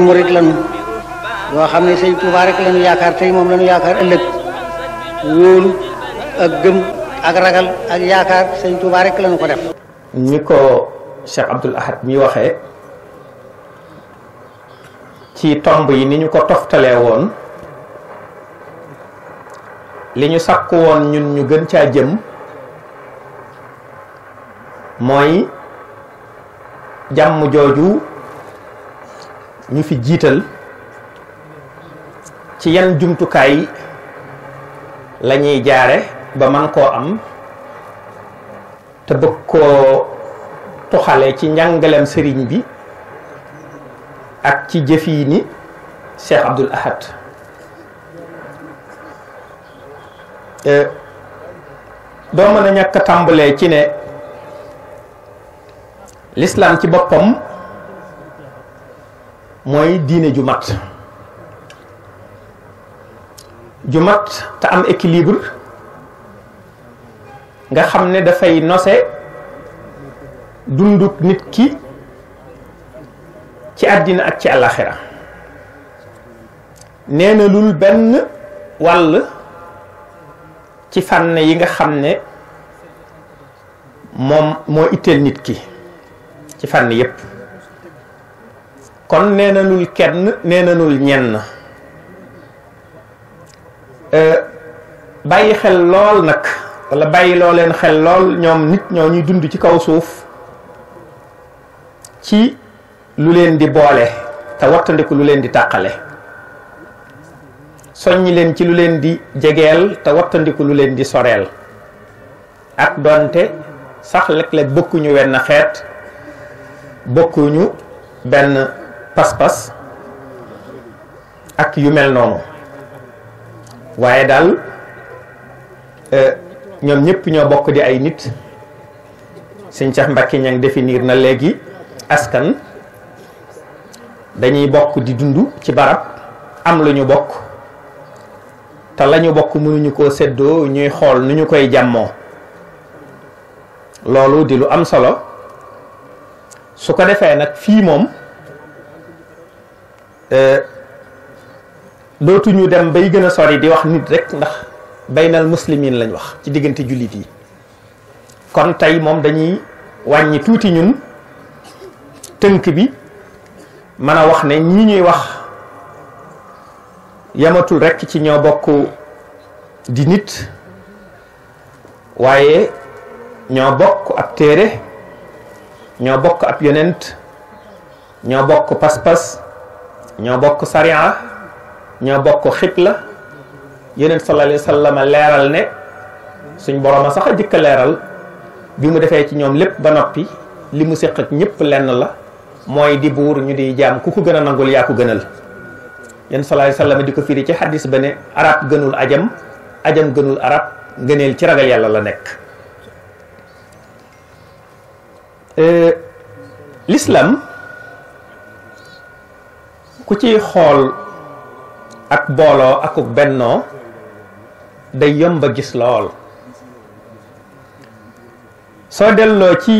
ay murit lañu yoo xam ne sëñ Tuubaa rek lañu yaakaar tey moom lañu yaakaar ëllëg wóolu ak gëm ak ragal ak yaakaar sëñ Tuubaa rek lañu ko def. ñi ko Cheikh Abdoul Ahad mi waxee ci tomb yi ni ñu ko toftalee woon li ñu sakku woon ñun ñu gën caa jëm mooy jàmm jooju. ñu fi jiital ci yan jumtukaay lañuy jaare ba man koo am te bëgg koo tuxale ci njàngaleem sëriñ bi ak ci jëfii ni Cheikh Abdoul Ahad euh, doo mën a ñàkk tàmbalee ci ne l'islam ci boppam mooy diine ju mat ju mat te am équilibre nga xam ne dafay nose dunduk nit ki ci àddina ak ci àllaxira neena na lul benn wàll ci fànn yi nga xam ne moom moo itteel nit ki ci fànn yépp kon nee nanul kenn nee nanul ñenn euh, bàyyi xel lool nag wala bàyyi loo leen xel lool ñoom nit ñoo ñuy dund ci kaw suuf ci lu leen di boole te wattandiku lu leen di tàqale soññi leen ci lu leen di jegeel te wattandiku lu leen di soreel ak doonte sax léeg-léeg bokkuñu wenn xeet bëkkuñu benn pas-pas ak yu mel noonu waaye daal euh, ñoom ñëpp ñoo bokk di ay nit sëñ mbaki Mbacke ña ngi na léegi askan dañuy bokk di dund ci barab am lu ñu bokk te la ñu bokk mënuñu koo séddoo ñuy xool nu ñu koy jàmmoo loolu di lu am solo su ko defee nag fii moom Euh, ñu dem bay gën a sori di wax nit rekk ndax baynal muslimin lañu wax ci diggante jullit yi kon tey moom dañuy wàññi tuuti ñun tënk bi mën a wax ne ñi ñuy wax yamatul rekk ci ñoo bokk di nit waaye ñoo bokk ab téere ñoo bokk ab yonent ñoo bokk pas-pas ñoo bokk sariya ñoo bokk xibla yeneen sallallahu alayhi wa sallam leeral ne suñ borom sax a jëkk leeral bi mu defee ci ñoom lépp ba noppi li mu séq ak ñëpp lenn la mooy di buur ñu di jaam ku ko gën a nangul yaa ko gënal yenn sallallahu alayhi wa sallam di ko firi ci xaddis ba ne arab gënul ajam ajam gënul arab ngëneel ci ragal yàlla la nekk euh, l'islam ku ciy xool ak booloo akuk bennoo day yomb gis lool soo delloo ci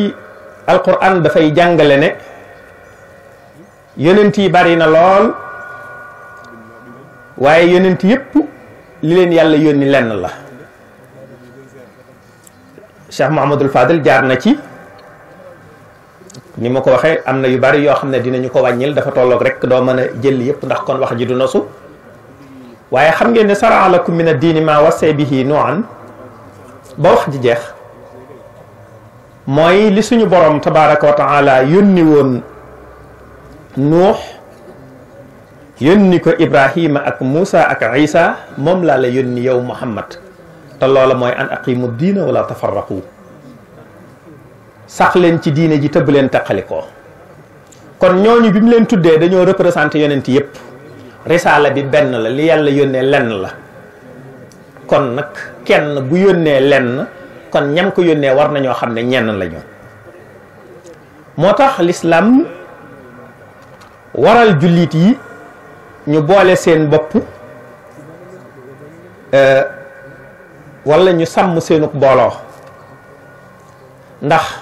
alquran dafay jàngale ne yonent yi bari na lool waaye yonent yépp li leen yàlla yónni lenn la Cheikh Mouhamadul Fadil jaar na ci ni ma ko waxee am na yu bari yoo xam ne dinañu ko wàññil dafa tollook rek doo mën a jël yëpp ndax kon wax ji du nosu waaye xam ngeen ne saraa lakum min ad-diini maa wassee bihi nuuhan ba wax ji jeex mooy li suñu borom tabaaraka wa taala yónni woon nuux yónni ko Ibrahima ak Moussa ak Isa moom laa la yónni yow Muhammad te loola mooy an aqimu diina wala tafarraqu sax leen ci diine ji tëbb leen taqalikoo kon ñooñu bi mu leen tuddee dañoo représenté yonent yépp risaala bi benn la li yàlla yónnee lenn la kon nag kenn bu yónnee lenn kon ñam ko yónnee war na ñoo xam ne ñenn lañu moo tax lislaam waral jullit yi ñu boole seen bopp euh, wala ñu sàmm seenuk booloo ndax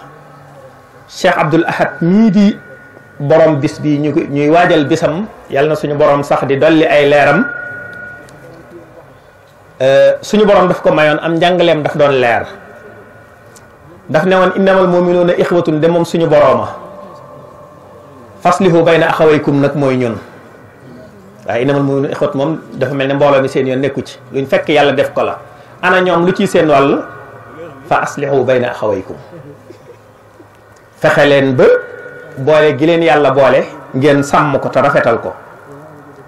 Cheikh Abdoul Ahad mii di borom bis bi ñu ñuy waajal bisam yàlla na suñu borom sax di dolli ay leeram euh, suñu borom daf ko mayoon am njàngaleem daf doon leer daf ne moom innamal muminuuna ixwatun de moom suñu borooma faslihu bayna axawaykum nag mooy ñun waaye innamal muminuuna ixwat moom dafa mel ni mbooloo ni seen yoon nekku ci luñ fekk yàlla def ko la ana ñoom lu ciy seen wàll fa aslihu bayna axawaykum fexe leen ba boole gi leen yàlla boole ngeen sàmm ko te rafetal ko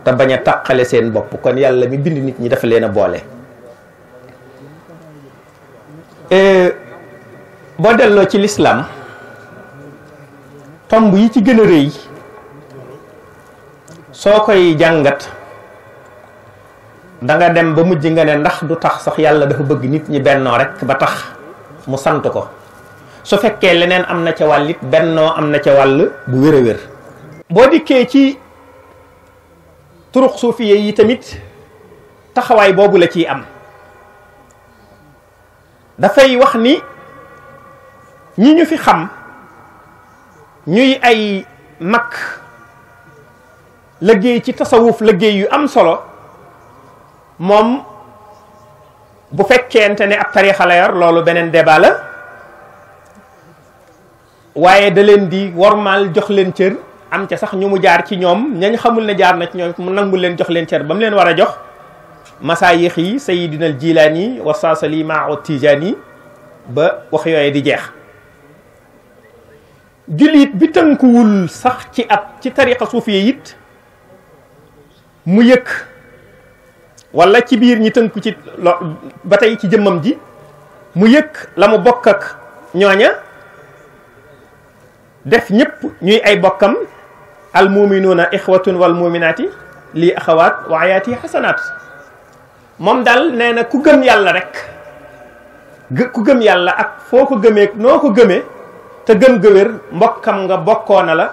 te bañ a tàqale seen bopp kon yàlla mi bind nit ñi dafa leen a boole e, boo delloo ci lislaam tomb yi ci gën a rëy soo koy jàngat danga dem ba mujj nga ne ndax du tax sax yàlla dafa bëgg nit ñi bennoo rekk ba tax mu sant ko su fekkee leneen am na ca wàll it bennoo am na ca wàll bu wér boo dikkee ci turux suufiye yi tamit taxawaay boobu la ciy am dafay wax ni ñi ñu fi xam ñuy ay mag liggéey ci tasawuf liggéey yu am solo moom bu fekkente ne ab tariixa la yor loolu beneen débat waaye da leen di wormaal jox leen cër am ca sax ñu mu jaar ci ñoom ñañ xamul ne jaar na ci ñoom mu nangu leen jox leen cër ba mu leen war a jox masaa masaayix yi sayidina al jilaani wa saasali maa tijaani ba wax yooye di jeex jullit bi tënkuwul sax ci ab ci tariqa suufiya yit mu yëkk wala ci biir ñi tënku ci ba tey ci jëmmam ji mu yëkk la mu bokk ak ñooña def ñëpp ñuy ay bokkam almuminuuna ixwatun wal muminaati lii axawaat wa ayaati xasanaat moom daal nee na ku gëm yàlla rek ku gëm yàlla ak foo ko gëmee noo ko gëmee te gëm ga mbokkam nga bokkoo na la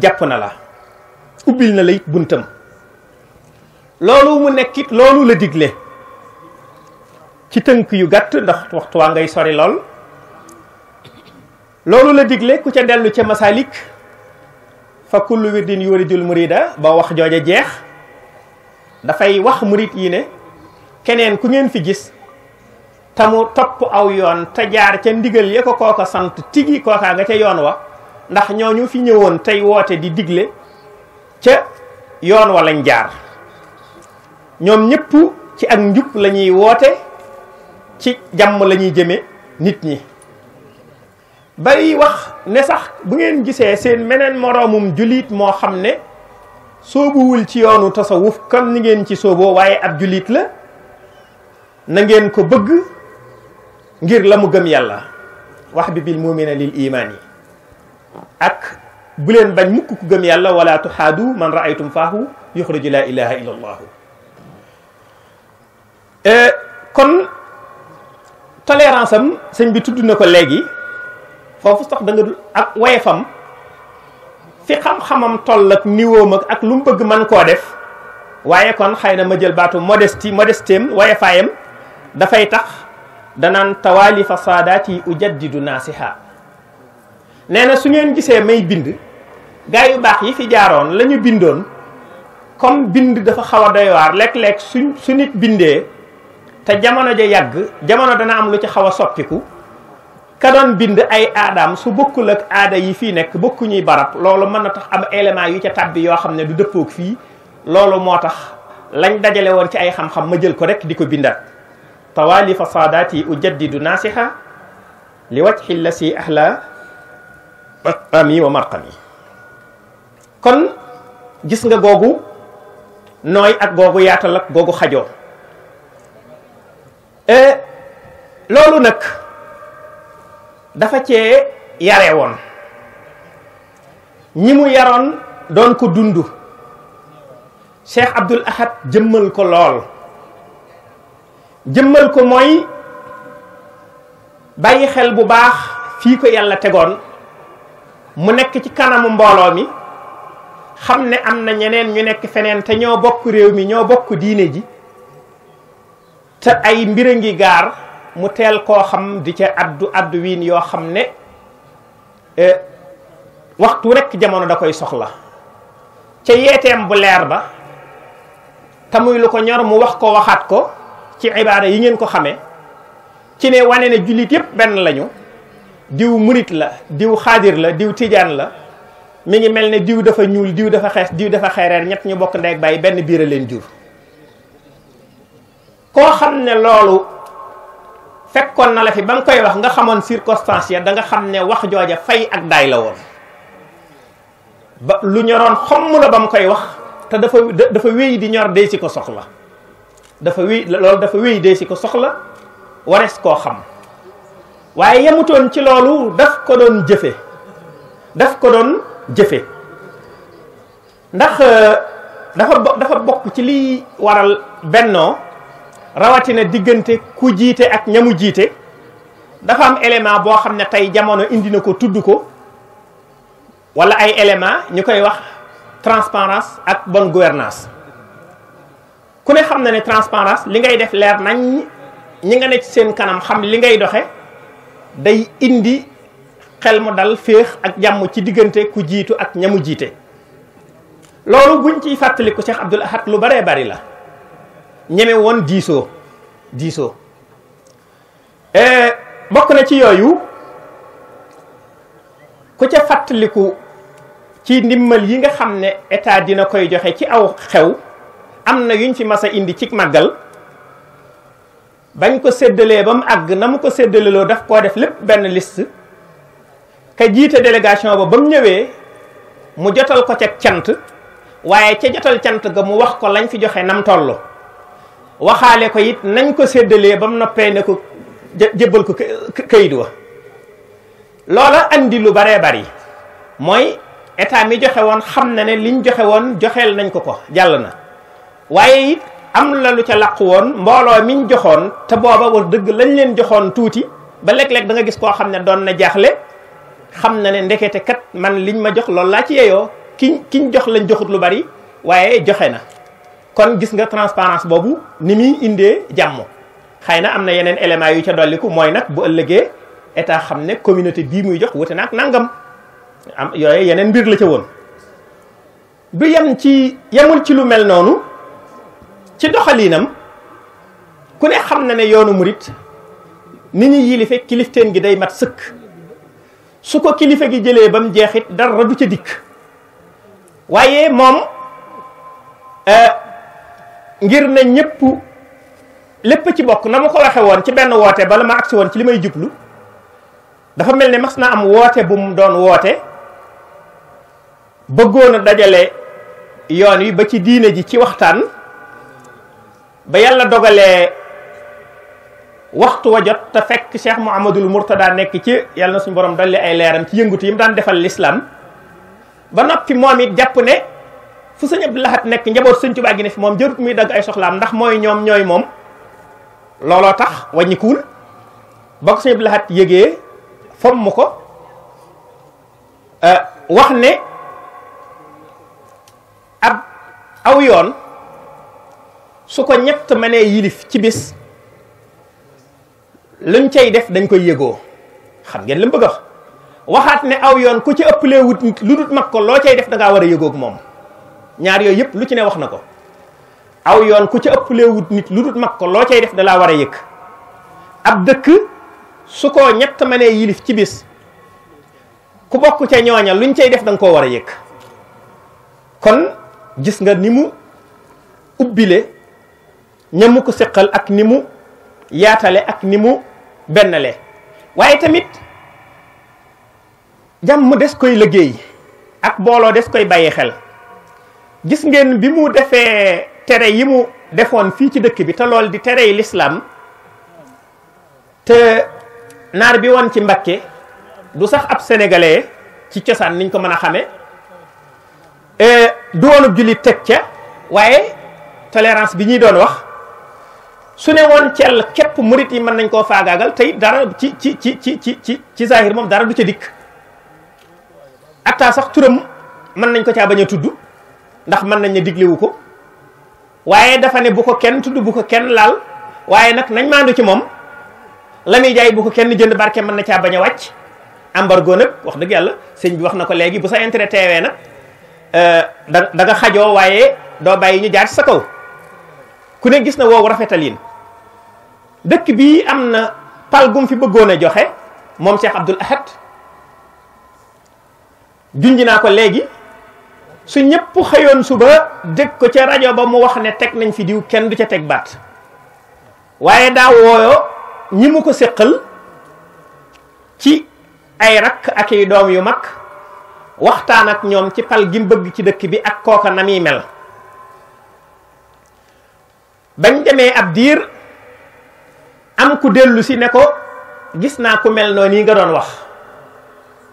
jàpp na la ubbil na la it buntam loolu mu nekkit loolu la digle ci tënk yu gàtt ndax waxtu waa ngay sori lool loolu la digle ku ca dellu ca masalik fa kullu wirdin yuridul murida ba wax jooje jeex dafay wax murid yi ne keneen ku ngeen fi gis tamu topp aw yoon te jaar ca ndigal ya ko kooka sant tigi kookaa nga ca yoon wa ndax ñooñu fi ñëwoon tey woote di digle ca yoon wa lañ jaar ñoom ñëpp ci ak njub lañuy woote ci jàmm la ñuy jëme nit ñi bay wax ne sax bu ngeen gisee seen meneen moroomum juliit moo xam ne soobuwul ci yoonu tasawuf comme ni ngeen ci sooboo waaye ab juliit la na ngeen ko bëgg ngir la mu gëm yàlla wax bi bil muumina lil imaan yi ak bu leen bañ mukk ku gëm yàlla wala tuxaadu man raaytum faahu yuxriju laa ilaha illa eh, kon tolérance am sëñ bi tudd na ko léegi foofu sax da nga dul ak woyefam fi xam-xamam toll ak niwoom ak lu mu bëgg mën koo def waaye kon xëy na ma jël baatu modestie modestem woyefaayam dafay tax danaan tawaalifa saadaat yi ujaddidu naasiha nee na su ngeen gisee may bind gaa yu baax yi fi jaaroon la bindoon comme bind dafa xaw a doy waar léeg su nit bindee te jamono ja yàgg jamono dana am lu ci xaw a soppiku ka doon bind ay aadaam su bokkul ak aada yi fii nekk bokkuñuy barab loolu mën na tax am élément yu ca tàbbi yoo xam ne du dëppoog fii loolu moo tax lañ dajale woon ci ay xam-xam ma jël ko rek di ko bindat tawaalifa saadaati ujaddidu naasiha li wajhi lasi ahla ami wa marqami kon gis nga googu nooy ak googu yaatal ak googu xajoo eh, loolu nag dafa cee yare woon ñi mu yaroon doon ko dund Cheikh Abdul Ahad jëmmal ko lool jëmmal ko mooy bàyyi xel bu baax fii ko yàlla tegoon mu nekk ci kanamu mbooloo mi xam ne am na ñeneen ñu nekk feneen te ñoo bokk réew mi ñoo bokk diine ji te ay mbir a ngi gaar mu teel koo xam di ca addu addu wiin yoo xam ne eh, waxtu rekk jamono da koy soxla ca yeeteem bu leer ba te muy lu ko ñor mu wax ko waxaat ko ci ibaada yi ngeen ko xamee ci ne wane ne jullit yépp benn lañu diw murit la diw xaadir la diw tijaan la mi ngi mel ne diw dafa ñuul diw dafa xees diw dafa xeereer ñett ñu bokk ndeeg bàyyi benn biir a leen jur koo xam ne loolu fekkoon na la fi ba nga koy wax nga xamoon circonstance ya da nga xam ne wax jooja fay ak daay la woon ba lu ñoroon xomm la ba mu koy wax te dafa dafa wéy di ñor dee si ko soxla dafa wéy loolu dafa wéy dee si ko soxla wares koo xam waaye yemutoon ci loolu daf ko doon jëfe daf ko doon jëfe ndax euh, dafa dafa bokk ci liy waral bennoo rawatina diggante ku jiite ak ñamu jiite dafa am élément boo xam ne tey jamono indi na ko tudd ko wala ay élément ñu koy wax transparence ak bon gouvernance ku ne xam na ne transparence li ngay def leer nañ ñi nga ne ci seen kanam xam li ngay doxe day indi xel mu dal féex ak jàmm ci diggante ku jiitu ak ñamu jiite loolu buñ ciy fàttaliku Cheikh Abdoul Ahad lu baree bari la ñeme woon diisoo diisoo eh, bokk na ci yooyu ku ca fàttaliku ci ndimmal yi nga xam ne état dina koy joxe ci aw xew am na yuñ fi mas a indi ci màggal bañ ko séddalee ba mu àgg na mu ko loo daf koo def lépp benn list ko jiite délégation ba ba mu ñëwee mu jotal ko ca cant waaye ca jotal cant ga mu wax ko lañ fi joxe nam toll waxaale ko it nañ ko séddalee ba mu noppee ne ko jébbal ko kayit wa loola andi lu baree bari mooy état mi joxe woon xam na ne liñ joxe woon joxeel nañ ko ko jàll na waaye it am la lu ca làq woon mbooloo mi ñu joxoon te booba wax dëgg lañ leen joxoon tuuti ba lekk léeg da nga gis koo xam ne doon na jaaxle xam na ne ndekete kat man liñ ma jox lool laa ci yeyoo ki kiñ jox lañ joxut lu bari waaye joxe na kon gis nga transparence boobu ni muy indee jàmm xëy na am na yeneen éléments yu ca dolliku mooy nag bu ëllëgee état xam ne communauté bii muy jox wute na nangam am yooyu yeneen mbir la ca woon. du yem ci yemul ci lu mel noonu ci doxaliinam ku ne xam na ne yoonu murit ni ñu yilife kilifteen gi day mat sëkk su ko kilifa gi jëlee ba mu jeexit dara du ca dikk waaye moom. Euh, ngir ne ñépp lépp a ci bokk na mu ko waxe woon ci benn woote bala ma agsi woon ci li may jublu dafa mel ni mas naa am woote bu mu doon woote bëggoon a dajale yoon wi ba ci diine ji ci waxtaan ba yàlla dogalee waxtu wa jot te fekk Cheikh Mouhamadul Mourtada nekk ci yàlla na suñu borom dolli ay leeram ci yëngutu yi mu daan defal l'islam ba noppi moom it jàpp ne fu sëñ Abdou Lahad nekk njaboot sëñ Tuubaa gi ne fi moom jarut muy dagg ay soxlaam ndax mooy ñoom ñooy moom looloo tax wàññikuwul ba ko sëñ Abdou Lahad yëgee fomm ko euh, wax ne ab aw yoon su ko ñett ne yilif ci bis luñ cay def dañ koy yëgoo xam ngeen li mu bëgg a wax waxaat ne aw yoon ku ci ëppalee wut lu dut mag ko loo cay def da war a yëgoog moom ñaar yooyu yëpp lu ci ne wax na ko aw yoon ku ci ëpp léewut nit lu dut mag ko loo cay def dalaa war a yëkk ab dëkk su ko ñett ne yilif ci bis ku bokk ca ñooña luñ cay def da nga koo war a yëkk kon gis nga ni mu ubbile ña mu ko sëqal ak ni mu yaatale ak ni mu bennale waaye tamit jàmm des koy liggéey ak mbooloo des koy bàyyi xel gis ngeen bi mu defee tere yi mu defoon fii ci dëkk bi te lool di tere yi lislaam te naar bi woon ci Mbakke du sax ab sénégalais ci cosaan niñ ko mën a xamee du woonub jullit teg ca waaye tolérance bi ñuy doon wax su ne woon cell képp murit yi mën nañ koo faagaagal tey dara ci ci ci ci ci ci ci moom dara du ca dikk atta sax turam mën nañ ko caa bañ a tudd ndax mën nañ ne diglewu ko waaye dafa ne bu ko kenn tudd bu ko kenn laal waaye nag nañ maandu ci moom la muy jaay bu ko kenn jënd barke mën na caa bañ a wàcc embargo nag wax dëgg yàlla sëñ bi wax na ko léegi bu sa intere teewee nag euh, da da nga xajoo waaye doo bàyyi ñu jaar sa kaw ku ne gis na woowu rafetalin dëkk bii am na pal gum fi bëggoon a joxe moom Cheikh Abdoul Ahad junj naa ko léegi su ñëpp xëyoon suba dégg ko ca rajo ba mu wax ne teg nañ fi diw kenn du ca teg baat waaye daa wooyo ñi mu ko séqal ci ay rakk ak i doom yu mag waxtaan ak ñoom ci pal gi bëgg ci dëkk bi ak kooka na muy mel bañ demee ab diir am ku dellusi ne ko gis naa ku mel noonu yi nga doon wax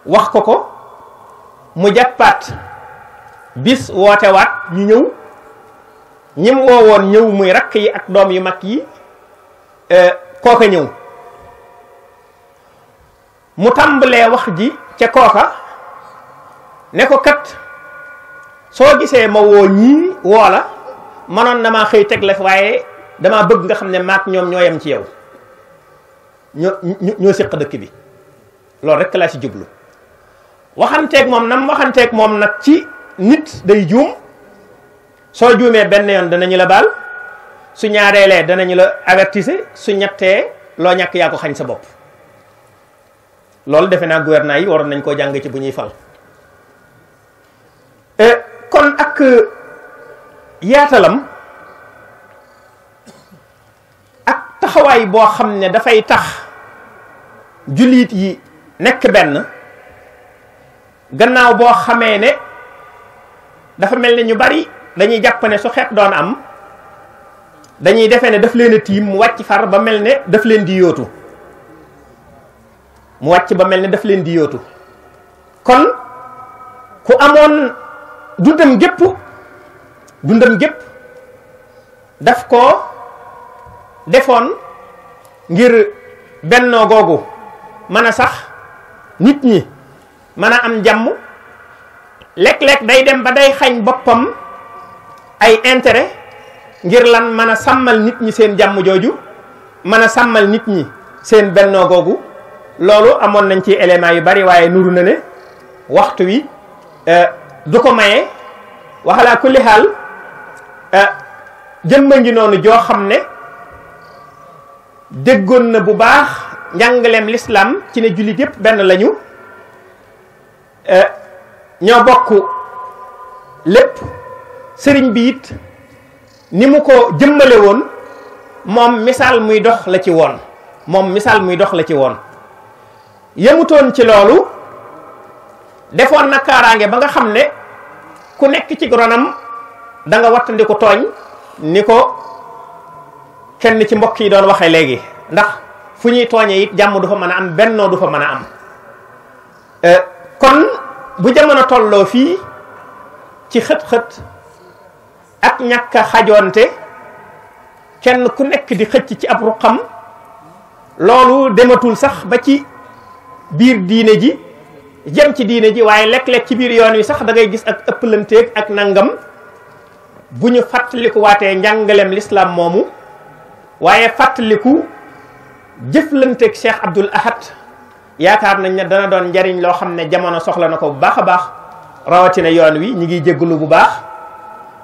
wax ko ko mu jàppaat bis waat ñu ñëw ñim woo woon ñëw muy rakk yi ak doom yu mag yi e, kooka ñëw mu tàmbalee wax ji ca kooka ne ko kat soo gisee ma woo ñii woo la manoon na maa xëy teg fi waaye damaa bëgg nga xam ne maak ñoom ñoo yem ci yow ñoo ñoo séq dëkk bi loolu rekk laa ci jublu waxanteeg moom nam waxanteeg moom nag ci nit day juum soo juumee benn yoon danañu la baal su ñaareelee danañu la avertise su ñettee loo ñàkk yaa ko xañ sa bopp loolu defe naa gouvernant yi waroon nañ koo jàng ci bu ñuy fal euh, kon ak euh, yaatalam ak taxawaay boo xam ne dafay tax jullit yi nekk benn gannaaw boo xamee ne dafa mel na ñu bari dañuy jàpp ne su xeet doon am dañuy defe ne daf leen a tiim mu wàcc far ba mel ne daf leen di yootu mu wàcc ba mel ne daf leen di yootu kon ku amoon dundam gépp dundam gépp daf koo defoon ngir bennoo googu mën a sax nit ñi mën a am jàmm léeg-léeg day dem ba day xañ boppam ay intérêt ngir lan mën a sàmmal nit ñi seen jàmm jooju mën a sàmmal nit ñi seen bennoo googu loolu amoon nañ ci éléments yu bari waaye nuru na ne waxtu wi euh, du ko maye waxalaa kulli xaal euh, jëmba ngi noonu joo xam ne déggoon na bu baax njàngaleem lislaam ci ne jullit yépp benn lañu euh, ñoo bokk lépp sëriñ bi it ni mu ko jëmmale woon moom misaal muy dox la ci woon moom misaal muy dox la ci woon yëmutoon ci loolu defoon na kaaraange ba nga xam ne ku nekk ci ronam da nga wattandiku tooñ ni ko kenn ci mbokk yi doon waxee léegi ndax fu ñuy tooñee it jàmm du fa mën a am bennoo du fa mën a am euh, kon bu jamono tolloo fii ci xët-xët ak ñàkk xajonte kenn ku nekk di xëcc ci ab ruqam loolu dematul sax ba ci biir diine ji jëm ci diine ji waaye lekk-lekk ci biir yoon wi sax dangay gis ak ëppalanteeg ak nangam bu ñu fàttaliku waatee njàngaleem lislaam moomu waaye fàttaliku jëflanteeg Cheikh Abdul Ahad yaakaar nañ ne dana doon njariñ loo xam ne jamono soxla na ko bu baax a baax rawatina yoon wi ñi ngi jégalu bu baax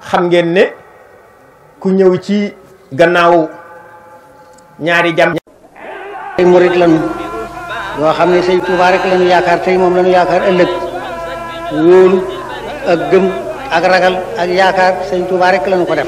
xam ngeen ne ku ñëw ci gannaaw ñaari jam ay murit lañu yoo xam ne sëñ Tuubaa rek lañu yaakaar tey moom lañu yaakaar ëllëg wóolu ak gëm ak ragal ak yaakaar sëñ Tuubaa rek lañu ko def